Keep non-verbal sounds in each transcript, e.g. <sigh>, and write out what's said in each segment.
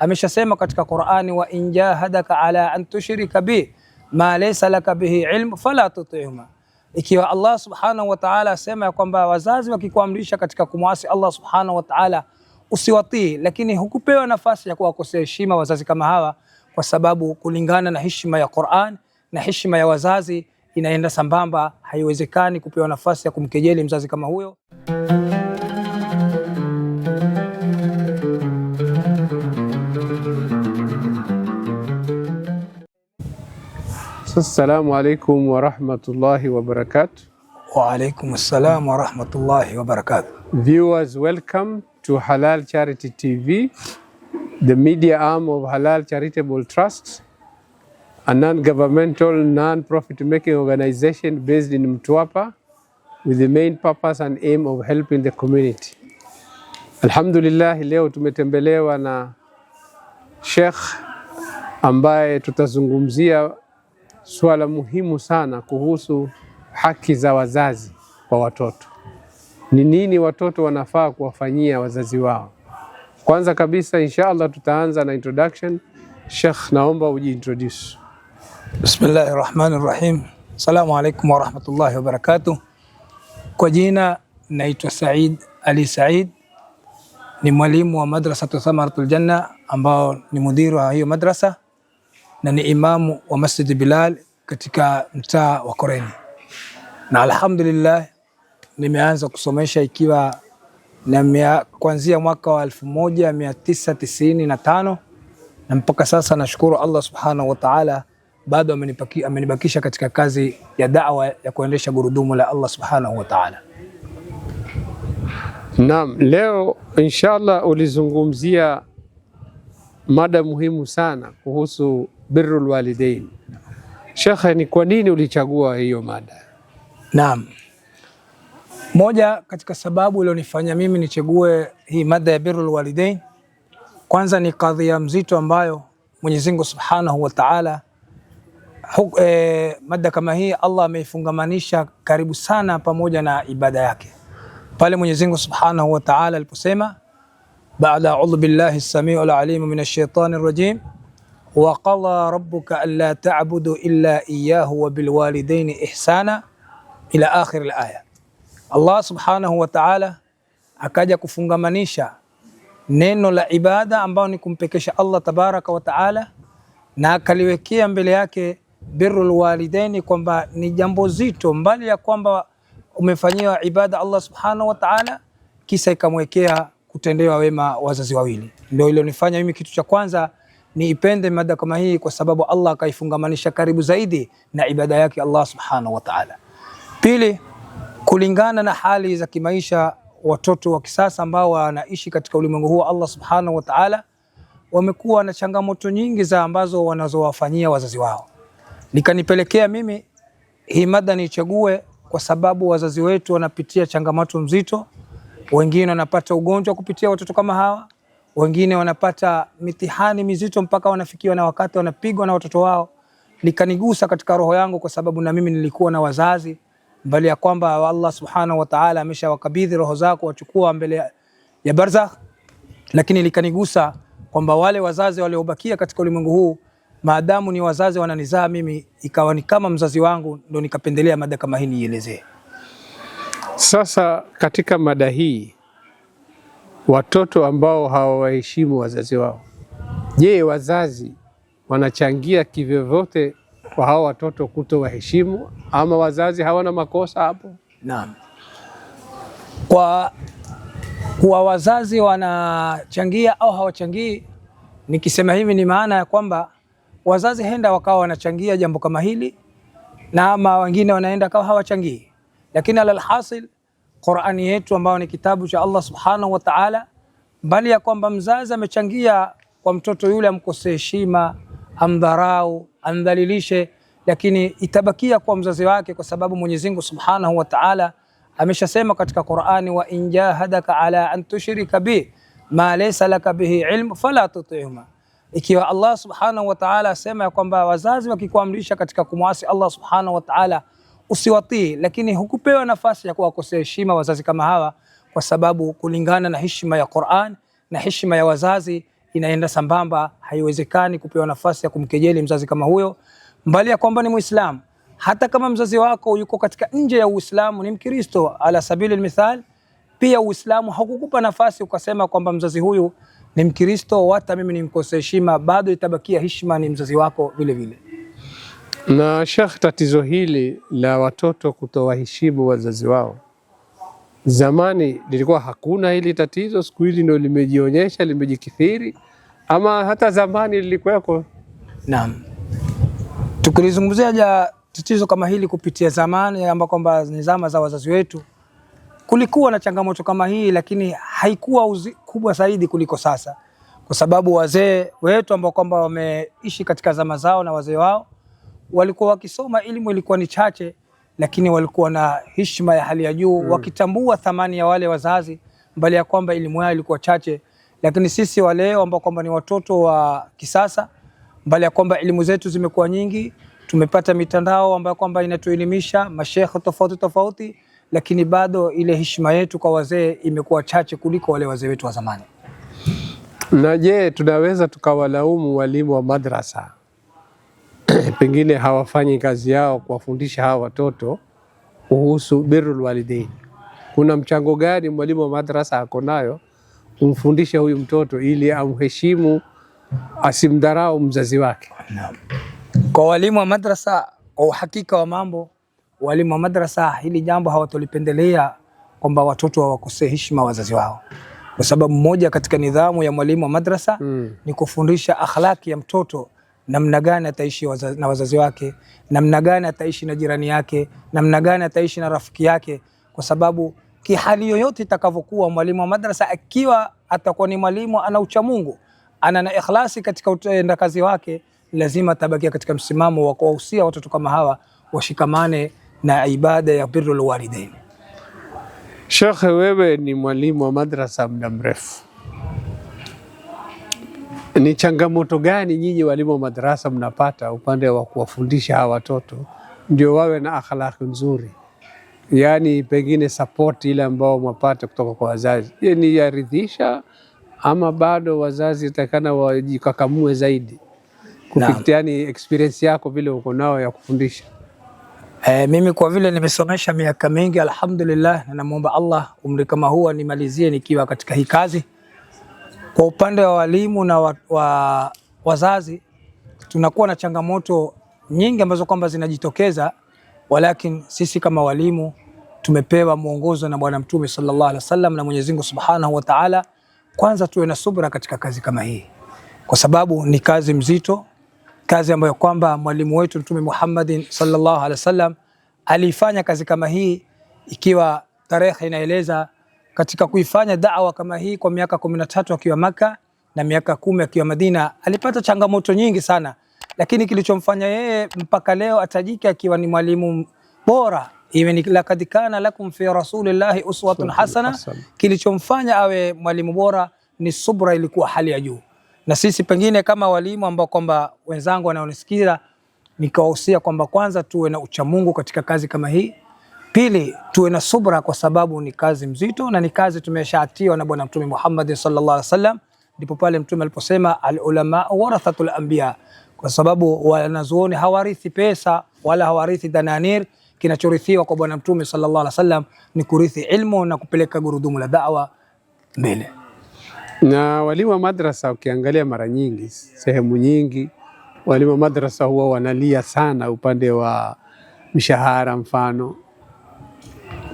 ameshasema katika Qur'ani, wa in jahadaka ala an tushrika bi ma laysa laka bihi ilm fala tuti'huma. Ikiwa Allah subhanahu wa ta'ala asema ya kwamba wazazi wakikuamrisha katika kumwasi Allah subhanahu wa ta'ala usiwatii, lakini hukupewa nafasi ya kuwakosea heshima wazazi kama hawa, kwa sababu kulingana na heshima ya Qur'an na heshima ya wazazi inaenda sambamba, haiwezekani kupewa nafasi ya kumkejeli mzazi kama huyo. Assalamu alaikum warahmatullahi wabarakatuh. Wa alaikum assalam warahmatullahi wabarakatuh. Viewers, welcome to Halal Charity TV, the media arm of Halal Charitable Trust, a non-governmental, non-profit making organization based in Mtwapa with the main purpose and aim of helping the community. Alhamdulillah, leo tumetembelewa na Sheikh ambaye tutazungumzia suala muhimu sana kuhusu haki za wazazi kwa watoto. Ni nini watoto wanafaa kuwafanyia wazazi wao? Kwanza kabisa, insha Allah, tutaanza na introduction. Sheikh, naomba ujiintroduce. Bismillahi rahmani rahim. Assalamu alaikum warahmatullahi wabarakatuh. Kwa jina naitwa Said Ali Said, ni mwalimu wa madrasatu Thamaratul Janna ambao ni mudhiri wa hiyo madrasa na ni imamu wa Masjid Bilal katika mtaa wa Koreni, na alhamdulillah nimeanza kusomesha ikiwa na kuanzia mwaka wa 1995 na mpaka sasa nashukuru Allah subhanahu wa ta'ala, bado amenibakisha katika kazi ya da'wa ya kuendesha gurudumu la Allah subhanahu wa ta'ala. Naam, leo inshallah ulizungumzia mada muhimu sana kuhusu birrul walidain. Shekhe, ni kwa nini ulichagua hiyo mada? Naam, moja katika sababu ilionifanya mimi nichague hii mada ya birrul walidain, kwanza ni kadhia mzito ambayo Mwenyezi Mungu Subhanahu wa Ta'ala e, mada kama hii Allah ameifungamanisha karibu sana pamoja na ibada yake pale Mwenyezi Mungu Subhanahu wa Ta'ala aliposema baada audhu billahi samiu al-alim min ashaitani rajim waqala qada rabbuka alla ta'budu illa iyyahu wa bil ihsana ila akhir alaya. Allah subhanahu wa ta'ala akaja kufungamanisha neno la ibada ambao ni kumpekesha Allah tabaraka wa taala, na akaliwekea mbele yake birrul walidaini, kwamba ni jambo zito, mbali ya kwamba umefanyiwa ibada Allah subhanahu wa taala, kisa ikamwekea kutendewa wema wazazi wawili. Ndio ilionifanya mimi kitu cha kwanza niipende mada kama hii kwa sababu Allah akaifungamanisha karibu zaidi na ibada yake Allah subhanahu wa ta'ala. Pili, kulingana na hali za kimaisha, watoto wa kisasa ambao wanaishi katika ulimwengu huu Allah subhanahu wa ta'ala wamekuwa na changamoto nyingi za ambazo wanazowafanyia wazazi wao, nikanipelekea mimi hii mada niichague kwa sababu wazazi wetu wanapitia changamoto nzito, wengine wanapata ugonjwa kupitia watoto kama hawa wengine wanapata mitihani mizito mpaka wanafikiwa na wakati wanapigwa na watoto wao. Likanigusa katika roho yangu, kwa sababu na mimi nilikuwa na wazazi, mbali ya kwamba Allah subhanahu wa ta'ala ameshawakabidhi roho zako wachukua mbele ya barzakh, lakini likanigusa kwamba wale wazazi waliobakia katika ulimwengu huu maadamu ni wazazi wananizaa mimi, ikawa ni kama mzazi wangu, ndo nikapendelea mada kama hii niielezee. Sasa katika mada hii watoto ambao hawawaheshimu wazazi wao. Je, wazazi wanachangia kivyovyote kwa hawa watoto kuto waheshimu ama wazazi hawana makosa hapo? Naam, kwa kuwa wazazi wanachangia au hawachangii, nikisema hivi ni maana ya kwamba wazazi henda wakawa wanachangia jambo kama hili, na ama wengine wanaenda kawa hawachangii, lakini alalhasil Qur'ani yetu ambayo ni kitabu cha Allah subhanahu wa ta'ala, mbali ya kwamba mzazi amechangia kwa mtoto yule amkosee heshima, amdharau, amdhalilishe, lakini itabakia kwa mzazi wake, kwa sababu Mwenyezi Mungu subhanahu wa ta'ala ameshasema katika Qur'ani, wa in jahadaka ala an tushrika bi ma laysa laka bihi ilm fala tuti'huma. Ikiwa Allah subhanahu wa ta'ala asema ya kwamba wazazi wakikuamrisha katika kumwasi Allah subhanahu wa ta'ala usiwatii, lakini hukupewa nafasi ya kuwakosea heshima wazazi kama hawa, kwa sababu kulingana na heshima ya Qur'an na heshima ya wazazi inaenda sambamba. Haiwezekani kupewa nafasi ya kumkejeli mzazi kama huyo, mbali ya kwamba ni Muislamu. Hata kama mzazi wako yuko katika nje ya Uislamu, ni Mkristo ala sabili almithal, pia Uislamu hakukupa nafasi ukasema kwamba mzazi huyu ni Mkristo, hata mimi nimkosea heshima, bado itabakia heshima ni mzazi wako vile vile. Na Sheikh, tatizo hili la watoto kutowaheshimu wazazi wao, zamani lilikuwa hakuna hili tatizo, siku hili ndio limejionyesha, limejikithiri, ama hata zamani lilikuweko? Naam, tukilizungumzia ja tatizo kama hili kupitia zamani, ambako kwamba ni zama za wazazi wetu, kulikuwa na changamoto kama hii, lakini haikuwa uzi, kubwa zaidi kuliko sasa, kwa sababu wazee wetu ambao kwamba wameishi katika zama zao na wazee wao walikuwa wakisoma, elimu ilikuwa ni chache, lakini walikuwa na heshima ya hali ya juu mm. wakitambua thamani ya wale wazazi, mbali ya kwamba elimu yao ilikuwa chache. Lakini sisi wa leo ambao kwamba ni watoto wa kisasa, mbali ya kwamba elimu zetu zimekuwa nyingi, tumepata mitandao ambayo kwamba inatuelimisha mashekhe tofauti tofauti, lakini bado ile heshima yetu kwa wazee imekuwa chache kuliko wale wazee wetu wa zamani. Na je, tunaweza tukawalaumu walimu wa madrasa <clears throat> pengine hawafanyi kazi yao kuwafundisha hawa watoto kuhusu birrul walidain. Kuna mchango gani mwalimu wa madrasa ako nayo kumfundisha huyu mtoto ili amheshimu, asimdharau mzazi wake? Kwa walimu wa madrasa, kwa uhakika wa mambo, walimu wa madrasa hili jambo hawatolipendelea kwamba watoto hawakosee heshima wazazi wao, kwa sababu moja katika nidhamu ya mwalimu wa madrasa hmm, ni kufundisha akhlaki ya mtoto namna gani ataishi waza, na wazazi wake, namna gani ataishi na jirani yake, namna gani ataishi na rafiki yake, kwa sababu kihali yoyote itakavyokuwa, mwalimu wa madrasa akiwa atakuwa ni mwalimu ana ucha mungu ana na ikhlasi katika utendakazi wake, lazima atabakia katika msimamo wa kuwahusia watoto kama hawa washikamane na ibada ya birrul walidain. Sheikh, wewe ni mwalimu wa madrasa muda mrefu <laughs> Ni changamoto gani nyinyi walimu wa madarasa mnapata upande wa kuwafundisha hawa watoto ndio wawe na akhlaki nzuri? Yaani pengine support ile ambao mwapata kutoka kwa wazazi, je, ni yaridhisha ama bado wazazi takana wajikakamue zaidi kupitia, yani experience yako vile uko nao ya kufundisha? E, mimi kwa vile nimesomesha miaka mingi alhamdulillah, na namuomba Allah umri kama huu nimalizie nikiwa katika hii kazi. Kwa upande wa walimu na wa, wa, wazazi tunakuwa na changamoto nyingi ambazo kwamba zinajitokeza, walakin sisi kama walimu tumepewa mwongozo na Bwana Mtume sallallahu alaihi wasallam na Mwenyezi Mungu Subhanahu wa Ta'ala. Kwanza tuwe na subra katika kazi kama hii, kwa sababu ni kazi mzito, kazi ambayo kwamba mwalimu wetu Mtume Muhammadin sallallahu alaihi wasallam aliifanya kazi kama hii, ikiwa tarehe inaeleza katika kuifanya da'wa kama hii kwa miaka kumi na tatu akiwa Maka na miaka kumi akiwa Madina. Alipata changamoto nyingi sana, lakini kilichomfanya yeye mpaka leo atajike akiwa ni mwalimu bora iwe ni lakad kana lakum fi rasulillahi uswatun hasana. Kilichomfanya awe mwalimu bora ni subra, ilikuwa hali ya juu. Na sisi pengine kama walimu ambao kwamba wenzangu wanaonisikia, nikawahusia kwamba kwanza tuwe na uchamungu katika kazi kama hii. Pili, tuwe na subra kwa sababu ni kazi mzito na ni kazi tumeshaatiwa na Bwana Mtume Muhammad sallallahu alaihi wasallam. Ndipo pale Mtume aliposema ulama warathatul anbiya, kwa sababu wanazuoni hawarithi pesa wala hawarithi dananir. Kinachorithiwa kwa Bwana Mtume sallallahu alaihi wasallam ni kurithi ilmu na kupeleka gurudumu la da'wa mbele. Na walimu wa madrasa, ukiangalia mara nyingi, sehemu nyingi, walimu wa madrasa huwa wanalia sana upande wa mshahara mfano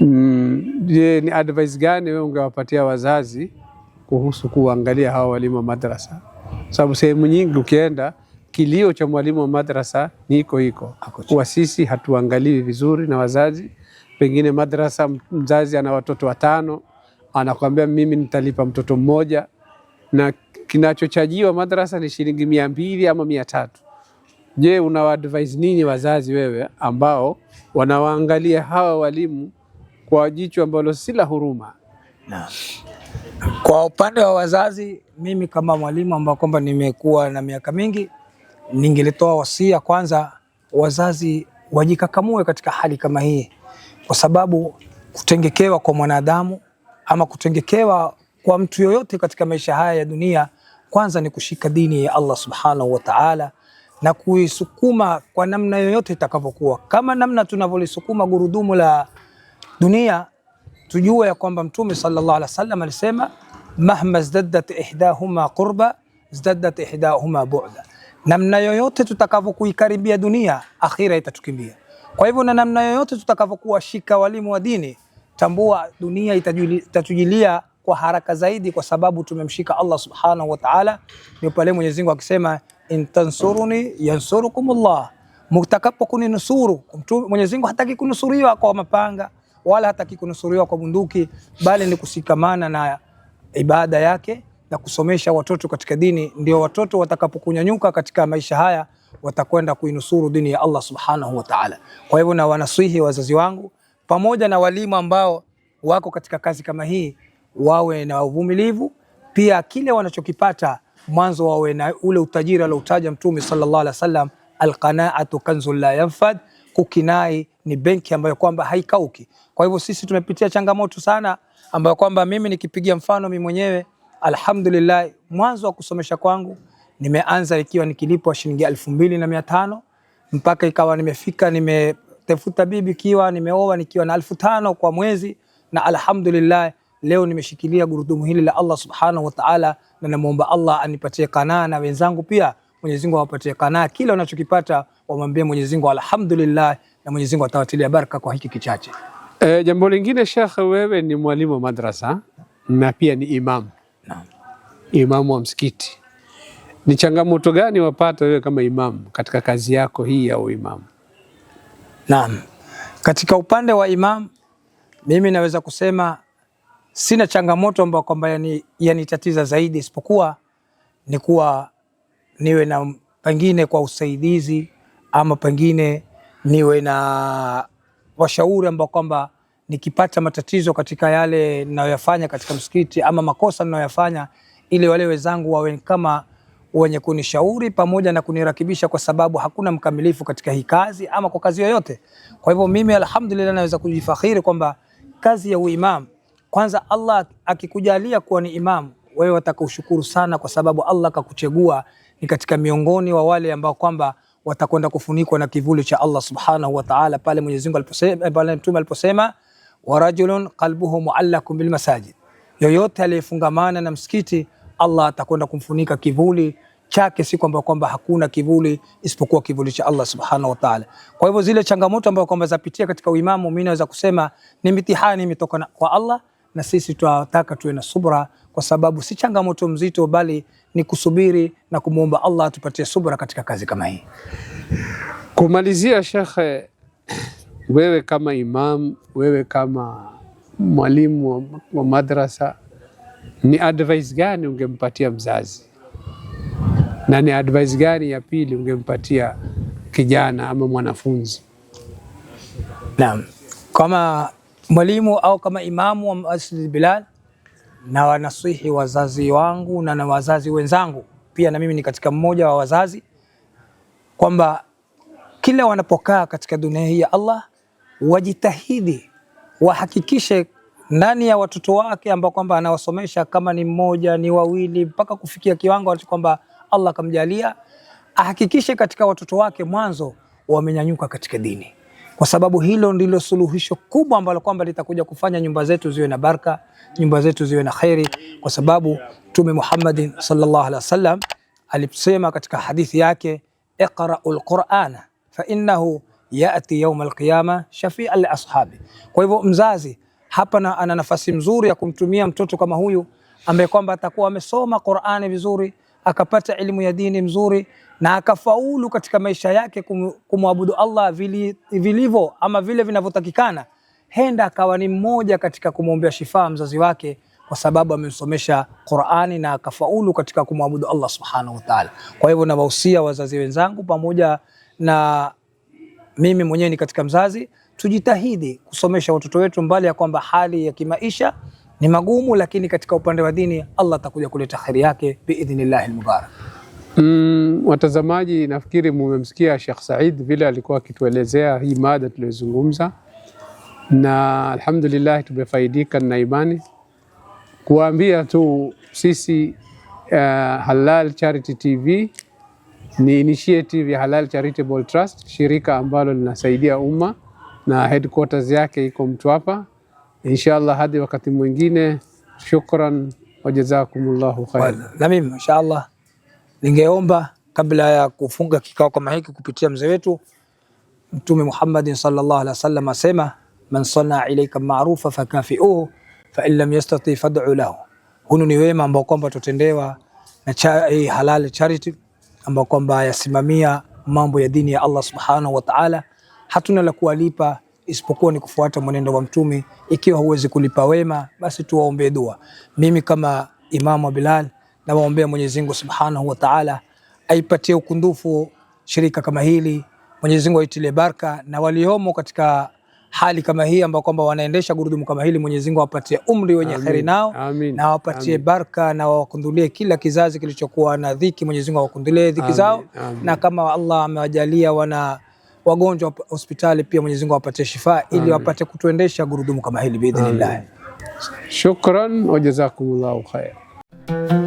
Mm, ni advice gani wewe ungewapatia wazazi kuhusu kuangalia hawa walimu wa madrasa? Sababu sehemu nyingi ukienda, kilio cha mwalimu wa madrasa ni iko iko kuwa sisi hatuangalii vizuri na wazazi. Pengine madrasa, mzazi ana watoto watano, anakuambia mimi nitalipa mtoto mmoja, na kinachochajiwa madrasa ni shilingi mia mbili ama mia tatu. Je, unawaadvise nini wazazi wewe ambao wanawaangalia hawa walimu kwa jicho ambalo si la huruma. Na kwa upande wa wazazi, mimi kama mwalimu ambao kwamba nimekuwa na miaka mingi, ningelitoa wasia kwanza, wazazi wajikakamue katika hali kama hii, kwa sababu kutengekewa kwa mwanadamu ama kutengekewa kwa mtu yoyote katika maisha haya ya dunia, kwanza ni kushika dini ya Allah subhanahu wa ta'ala na kuisukuma kwa namna yoyote itakavyokuwa, kama namna tunavyolisukuma gurudumu la dunia, tujue ya kwamba Mtume sallallahu alaihi wasallam alisema mahma zdaddat ihdahuma qurba zdaddat ihdahuma bu'da, namna yoyote tutakavyokuikaribia dunia, akhira itatukimbia. Kwa hivyo na namna yoyote tutakavyokuwashika walimu wa dini, tambua dunia itatujilia kwa haraka zaidi, kwa sababu tumemshika Allah subhanahu wa ta'ala. Ni pale Mwenyezi Mungu akisema intansuruni yansurukumullah, mtakapokuninusuru. Mwenyezi Mungu hataki kunusuriwa kwa mapanga wala hata kikunusuriwa kwa bunduki, bali ni kushikamana na ibada yake na kusomesha watoto katika dini. Ndio watoto watakapokunyanyuka katika maisha haya watakwenda kuinusuru dini ya Allah subhanahu wa ta'ala. Kwa hivyo, na wanasihi wazazi wangu pamoja na walimu ambao wako katika kazi kama hii, wawe na uvumilivu pia, kile wanachokipata mwanzo wawe na ule utajiri aloutaja Mtume sallallahu alaihi wasallam, alqanaatu kanzun la yanfad kukinai ni benki ambayo kwamba haikauki. Kwa hivyo sisi tumepitia changamoto sana, ambayo kwamba mimi nikipigia mfano mimi mwenyewe alhamdulillah, mwanzo wa kusomesha kwangu nimeanza ikiwa nikilipwa shilingi elfu mbili na mia tano mpaka ikawa nimefika nimetafuta bibi ikiwa nimeoa nikiwa na elfu tano kwa mwezi, na alhamdulillah leo nimeshikilia gurudumu hili la Allah subhanahu wa ta'ala, na namuomba Allah anipatie kanaa na wenzangu pia Mwenyezi Mungu awapatie kanaa kila unachokipata wamwambie Mwenyezi Mungu alhamdulillah, na Mwenyezi Mungu atawatilia baraka kwa hiki kichache. E, jambo lingine Sheikh, wewe ni mwalimu wa madrasa na pia ni imamu imamu wa msikiti, ni changamoto gani wapata wewe kama imamu katika kazi yako hii ya uimamu? Naam, katika upande wa imamu mimi naweza kusema sina changamoto ambayo kwamba yanitatiza yani zaidi, isipokuwa ni kuwa niwe na pengine kwa usaidizi ama pengine niwe na washauri ambao kwamba nikipata matatizo katika yale ninayoyafanya katika msikiti ama makosa ninayoyafanya, ili wale wenzangu wawe kama wenye kunishauri pamoja na kunirakibisha, kwa sababu hakuna mkamilifu katika hii kazi ama kwa kazi yoyote. Kwa hivyo mimi alhamdulillah, naweza kujifakhiri kwamba kazi ya uimam, kwanza Allah akikujalia kuwa ni imam, wewe wataka sana, kwa sababu Allah akakuchegua ni katika miongoni wa wale ambao kwamba watakwenda kufunikwa na kivuli cha Allah subhanahu wa ta'ala, pale Mwenyezi Mungu aliposema, eh, pale Mtume aliposema wa rajulun qalbuhu muallakun bil masajid, yoyote aliyefungamana na msikiti Allah atakwenda kumfunika kivuli chake, si kwamba kwamba hakuna kivuli isipokuwa kivuli cha Allah subhanahu wa ta'ala. Kwa hivyo zile changamoto ambazo kwamba zapitia katika uimamu, mimi naweza kusema ni mitihani imetoka kwa Allah, na sisi tunataka tuwe na subra kwa sababu si changamoto mzito, bali ni kusubiri na kumwomba Allah atupatie subra katika kazi kama hii. Kumalizia shekhe, wewe kama imam, wewe kama mwalimu wa madrasa, ni advice gani ungempatia mzazi na ni advice gani ya pili ungempatia kijana ama mwanafunzi? Naam, kama mwalimu au kama imamu wa Masjid Bilal na wanasihi wazazi wangu na na wazazi wenzangu pia, na mimi ni katika mmoja wa wazazi, kwamba kila wanapokaa katika dunia hii ya Allah wajitahidi wahakikishe ndani ya watoto wake ambao kwamba anawasomesha kama ni mmoja ni wawili mpaka kufikia kiwango kwamba Allah akamjalia, ahakikishe katika watoto wake mwanzo wamenyanyuka katika dini kwa sababu hilo ndilo suluhisho kubwa ambalo kwamba litakuja kufanya nyumba zetu ziwe na baraka, nyumba zetu ziwe na kheri, kwa sababu Mtume Muhammad sallallahu alaihi wasallam alisema katika hadithi yake, iqrau lqurana innahu yati yauma alqiyama shafia liashabi. Kwa hivyo mzazi hapa na ana nafasi nzuri ya kumtumia mtoto kama huyu ambaye kwamba atakuwa amesoma Qurani vizuri akapata elimu ya dini mzuri na akafaulu katika maisha yake kumwabudu Allah vilivyo ama vile vinavyotakikana, henda akawa ni mmoja katika kumwombea shifaa mzazi wake kwa sababu amemsomesha Qur'ani na akafaulu katika kumwabudu Allah subhanahu wa ta'ala. Kwa hivyo nawahusia wazazi wenzangu pamoja na mimi mwenyewe ni katika mzazi, tujitahidi kusomesha watoto wetu, mbali ya kwamba hali ya kimaisha ni magumu, lakini katika upande wa dini Allah atakuja kuleta kheri yake biidhnillahi lmubarak. mm. Watazamaji, nafikiri mumemsikia Sheikh Said vile alikuwa akituelezea hii mada tuliyozungumza, na alhamdulillah tumefaidika na imani. Kuambia tu sisi uh, Halal Charity TV ni initiative ya Halal Charitable Trust, shirika ambalo linasaidia umma na headquarters yake iko Mtwapa. Inshallah hadi wakati mwingine, shukran jazakumullahu khairan. Na mimi inshallah ningeomba kabla ya kufunga kikao kama hiki kupitia mzee wetu Mtume Muhammad sallallahu alaihi wasallam asema, man sana ilaika maarufa fakafiuhu in lam yastati fad'u lahu. Hunu ni wema ambao kwamba tutendewa na cha, eh, Halal Charity ambao kwamba yasimamia mambo ya dini ya Allah subhanahu wa ta'ala. Hatuna la kuwalipa isipokuwa ni kufuata mwenendo wa Mtume. Ikiwa huwezi kulipa wema, basi tuwaombee dua. Mimi kama Imamu Bilal nawaombea Mwenyezi Mungu subhanahu wa ta'ala aipatie ukundufu shirika kama hili, Mwenyezi Mungu aitilie baraka, na waliomo katika hali kama hii ambao kwamba wanaendesha gurudumu kama hili, Mwenyezi Mungu awapatie umri wenye kheri nao Amin. na awapatie baraka na wawakundulie kila kizazi kilichokuwa na dhiki, Mwenyezi Mungu awakundulie dhiki zao, na kama Allah amewajalia wana wagonjwa hospitali pia Mwenyezi Mungu awapatie shifa ili wapate kutuendesha gurudumu kama hili biidhnillah. Shukran wa jazakumullahu khair.